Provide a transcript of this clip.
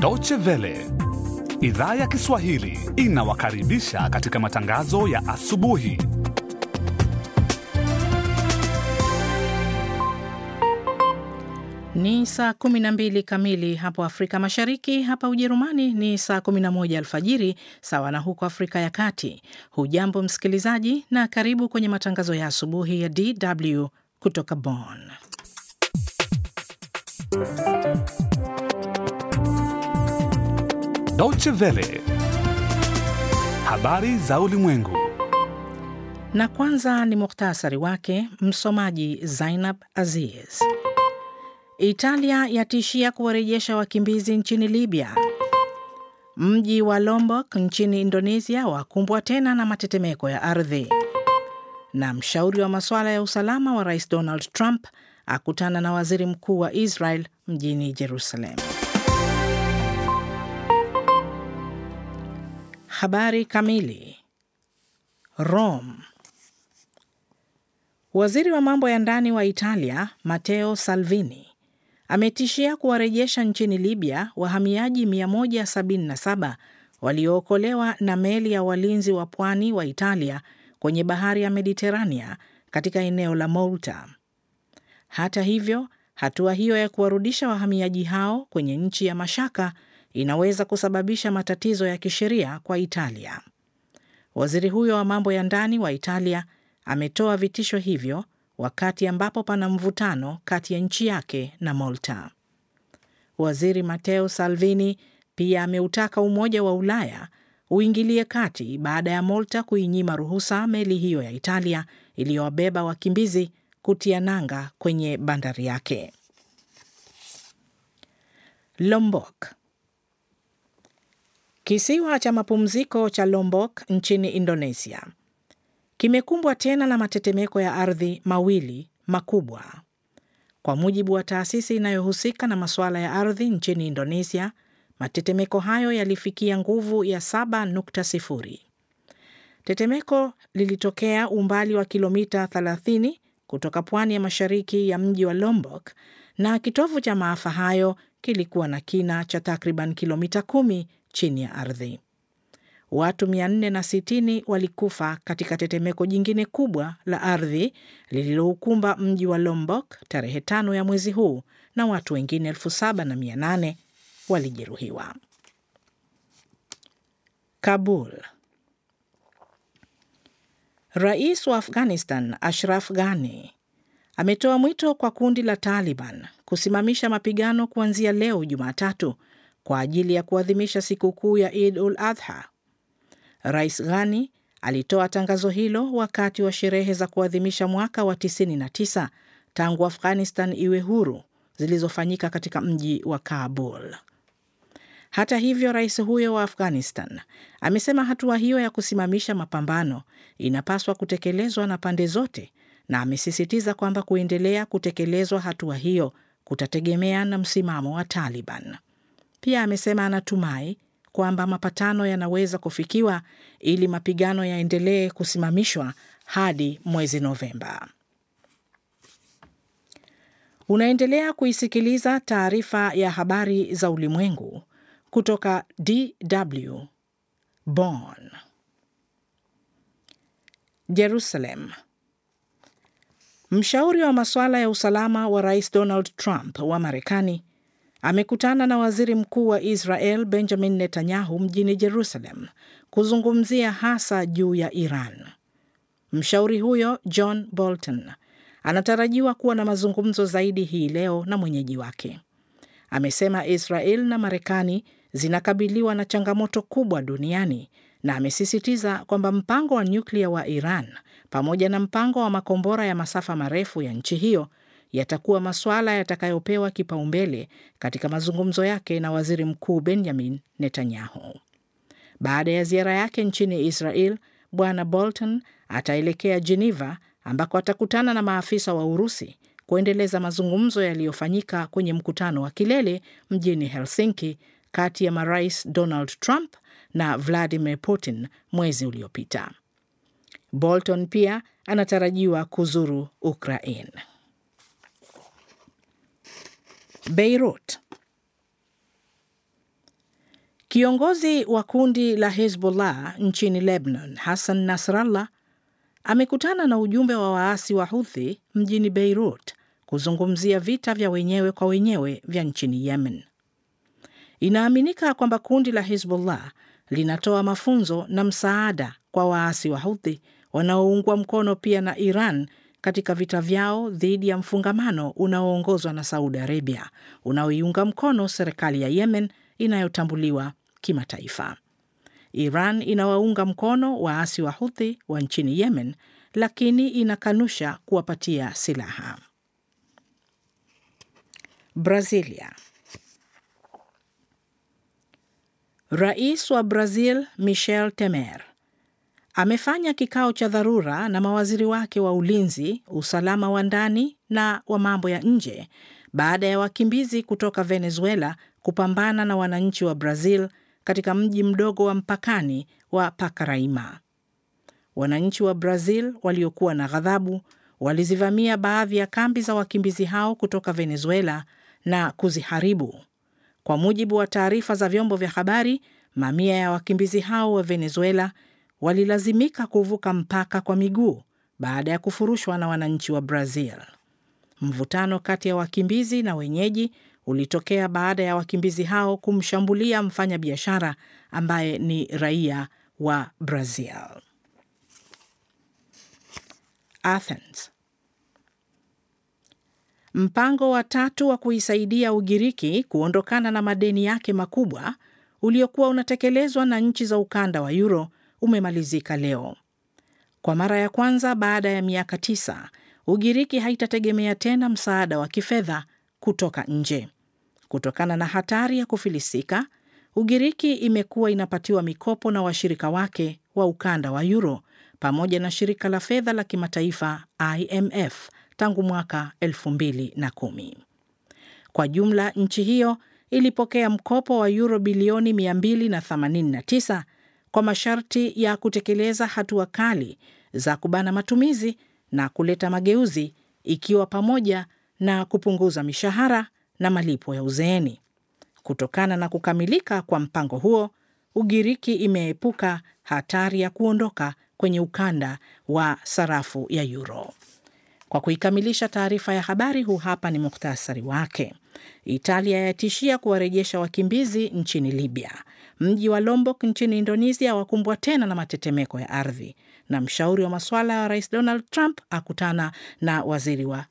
Deutsche Welle idhaa ya Kiswahili inawakaribisha katika matangazo ya asubuhi. Ni saa 12 kamili hapo Afrika Mashariki. Hapa Ujerumani ni saa 11 alfajiri, sawa na huko Afrika ya Kati. Hujambo msikilizaji, na karibu kwenye matangazo ya asubuhi ya DW kutoka Bonn. Deutsche Welle, habari za ulimwengu. Na kwanza ni muhtasari wake, msomaji Zainab Aziz. Italia yatishia kuwarejesha wakimbizi nchini Libya. Mji wa Lombok nchini Indonesia wakumbwa tena na matetemeko ya ardhi. Na mshauri wa masuala ya usalama wa Rais Donald Trump akutana na waziri mkuu wa Israel mjini Jerusalem. Habari kamili. Rome. Waziri wa mambo ya ndani wa Italia, Matteo Salvini, ametishia kuwarejesha nchini Libya wahamiaji 177 waliookolewa na meli ya walinzi wa pwani wa Italia kwenye bahari ya Mediterania katika eneo la Malta. Hata hivyo, hatua hiyo ya kuwarudisha wahamiaji hao kwenye nchi ya mashaka inaweza kusababisha matatizo ya kisheria kwa Italia. Waziri huyo wa mambo ya ndani wa Italia ametoa vitisho hivyo wakati ambapo pana mvutano kati ya nchi yake na Malta. Waziri Matteo Salvini pia ameutaka Umoja wa Ulaya uingilie kati baada ya Malta kuinyima ruhusa meli hiyo ya Italia iliyowabeba wakimbizi kutia nanga kwenye bandari yake Lombok. Kisiwa cha mapumziko cha Lombok nchini Indonesia kimekumbwa tena na matetemeko ya ardhi mawili makubwa. Kwa mujibu wa taasisi inayohusika na masuala ya ardhi nchini Indonesia, matetemeko hayo yalifikia nguvu ya 7.0. Tetemeko lilitokea umbali wa kilomita 30 kutoka pwani ya mashariki ya mji wa Lombok na kitovu cha maafa hayo kilikuwa na kina cha takriban kilomita 10 chini ya ardhi. Watu 460 walikufa katika tetemeko jingine kubwa la ardhi lililoukumba mji wa Lombok tarehe tano ya mwezi huu na watu wengine 7800 walijeruhiwa. Kabul. Rais wa Afghanistan Ashraf Ghani ametoa mwito kwa kundi la Taliban kusimamisha mapigano kuanzia leo Jumatatu kwa ajili ya kuadhimisha sikukuu ya id ul Adha. Rais Ghani alitoa tangazo hilo wakati wa sherehe za kuadhimisha mwaka wa 99 tangu Afghanistan iwe huru zilizofanyika katika mji wa Kabul. Hata hivyo, rais huyo wa Afghanistan amesema hatua hiyo ya kusimamisha mapambano inapaswa kutekelezwa na pande zote, na amesisitiza kwamba kuendelea kutekelezwa hatua hiyo kutategemea na msimamo wa Taliban. Pia amesema anatumai kwamba mapatano yanaweza kufikiwa ili mapigano yaendelee kusimamishwa hadi mwezi Novemba. Unaendelea kuisikiliza taarifa ya habari za ulimwengu kutoka DW Bonn. Jerusalem. Mshauri wa masuala ya usalama wa Rais Donald Trump wa Marekani amekutana na waziri mkuu wa Israel Benjamin Netanyahu mjini Jerusalem kuzungumzia hasa juu ya Iran. Mshauri huyo John Bolton anatarajiwa kuwa na mazungumzo zaidi hii leo na mwenyeji wake. Amesema Israel na Marekani zinakabiliwa na changamoto kubwa duniani na amesisitiza kwamba mpango wa nyuklia wa Iran pamoja na mpango wa makombora ya masafa marefu ya nchi hiyo yatakuwa masuala yatakayopewa kipaumbele katika mazungumzo yake na waziri mkuu Benjamin Netanyahu. Baada ya ziara yake nchini Israel, Bwana Bolton ataelekea Geneva ambako atakutana na maafisa wa Urusi kuendeleza mazungumzo yaliyofanyika kwenye mkutano wa kilele mjini Helsinki kati ya marais Donald Trump na Vladimir Putin mwezi uliopita. Bolton pia anatarajiwa kuzuru Ukraine. Beirut. Kiongozi wa kundi la Hezbollah nchini Lebanon, Hassan Nasrallah, amekutana na ujumbe wa waasi wa Houthi mjini Beirut kuzungumzia vita vya wenyewe kwa wenyewe vya nchini Yemen. Inaaminika kwamba kundi la Hezbollah linatoa mafunzo na msaada kwa waasi wa Houthi wanaoungwa mkono pia na Iran katika vita vyao dhidi ya mfungamano unaoongozwa na Saudi Arabia unaoiunga mkono serikali ya Yemen inayotambuliwa kimataifa. Iran inawaunga mkono waasi wa Huthi wa nchini Yemen, lakini inakanusha kuwapatia silaha. Brazilia. Rais wa Brazil Michel Temer amefanya kikao cha dharura na mawaziri wake wa ulinzi, usalama wa ndani na wa mambo ya nje baada ya wakimbizi kutoka Venezuela kupambana na wananchi wa Brazil katika mji mdogo wa mpakani wa pakaraima Wananchi wa Brazil waliokuwa na ghadhabu walizivamia baadhi ya kambi za wakimbizi hao kutoka Venezuela na kuziharibu. Kwa mujibu wa taarifa za vyombo vya habari, mamia ya wakimbizi hao wa Venezuela walilazimika kuvuka mpaka kwa miguu baada ya kufurushwa na wananchi wa Brazil. Mvutano kati ya wakimbizi na wenyeji ulitokea baada ya wakimbizi hao kumshambulia mfanyabiashara ambaye ni raia wa Brazil. Athens. Mpango wa tatu wa kuisaidia Ugiriki kuondokana na madeni yake makubwa uliokuwa unatekelezwa na nchi za ukanda wa Euro umemalizika leo. Kwa mara ya kwanza baada ya miaka tisa, Ugiriki haitategemea tena msaada wa kifedha kutoka nje. Kutokana na hatari ya kufilisika, Ugiriki imekuwa inapatiwa mikopo na washirika wake wa ukanda wa Euro pamoja na shirika la fedha la kimataifa IMF tangu mwaka 2010. Kwa jumla, nchi hiyo ilipokea mkopo wa euro bilioni 289 kwa masharti ya kutekeleza hatua kali za kubana matumizi na kuleta mageuzi ikiwa pamoja na kupunguza mishahara na malipo ya uzeeni. Kutokana na kukamilika kwa mpango huo, Ugiriki imeepuka hatari ya kuondoka kwenye ukanda wa sarafu ya yuro Kwa kuikamilisha taarifa ya habari, huu hapa ni muktasari wake. Italia yatishia kuwarejesha wakimbizi nchini Libya. Mji wa Lombok nchini Indonesia wakumbwa tena na matetemeko ya ardhi, na mshauri wa masuala ya rais Donald Trump akutana na waziri wa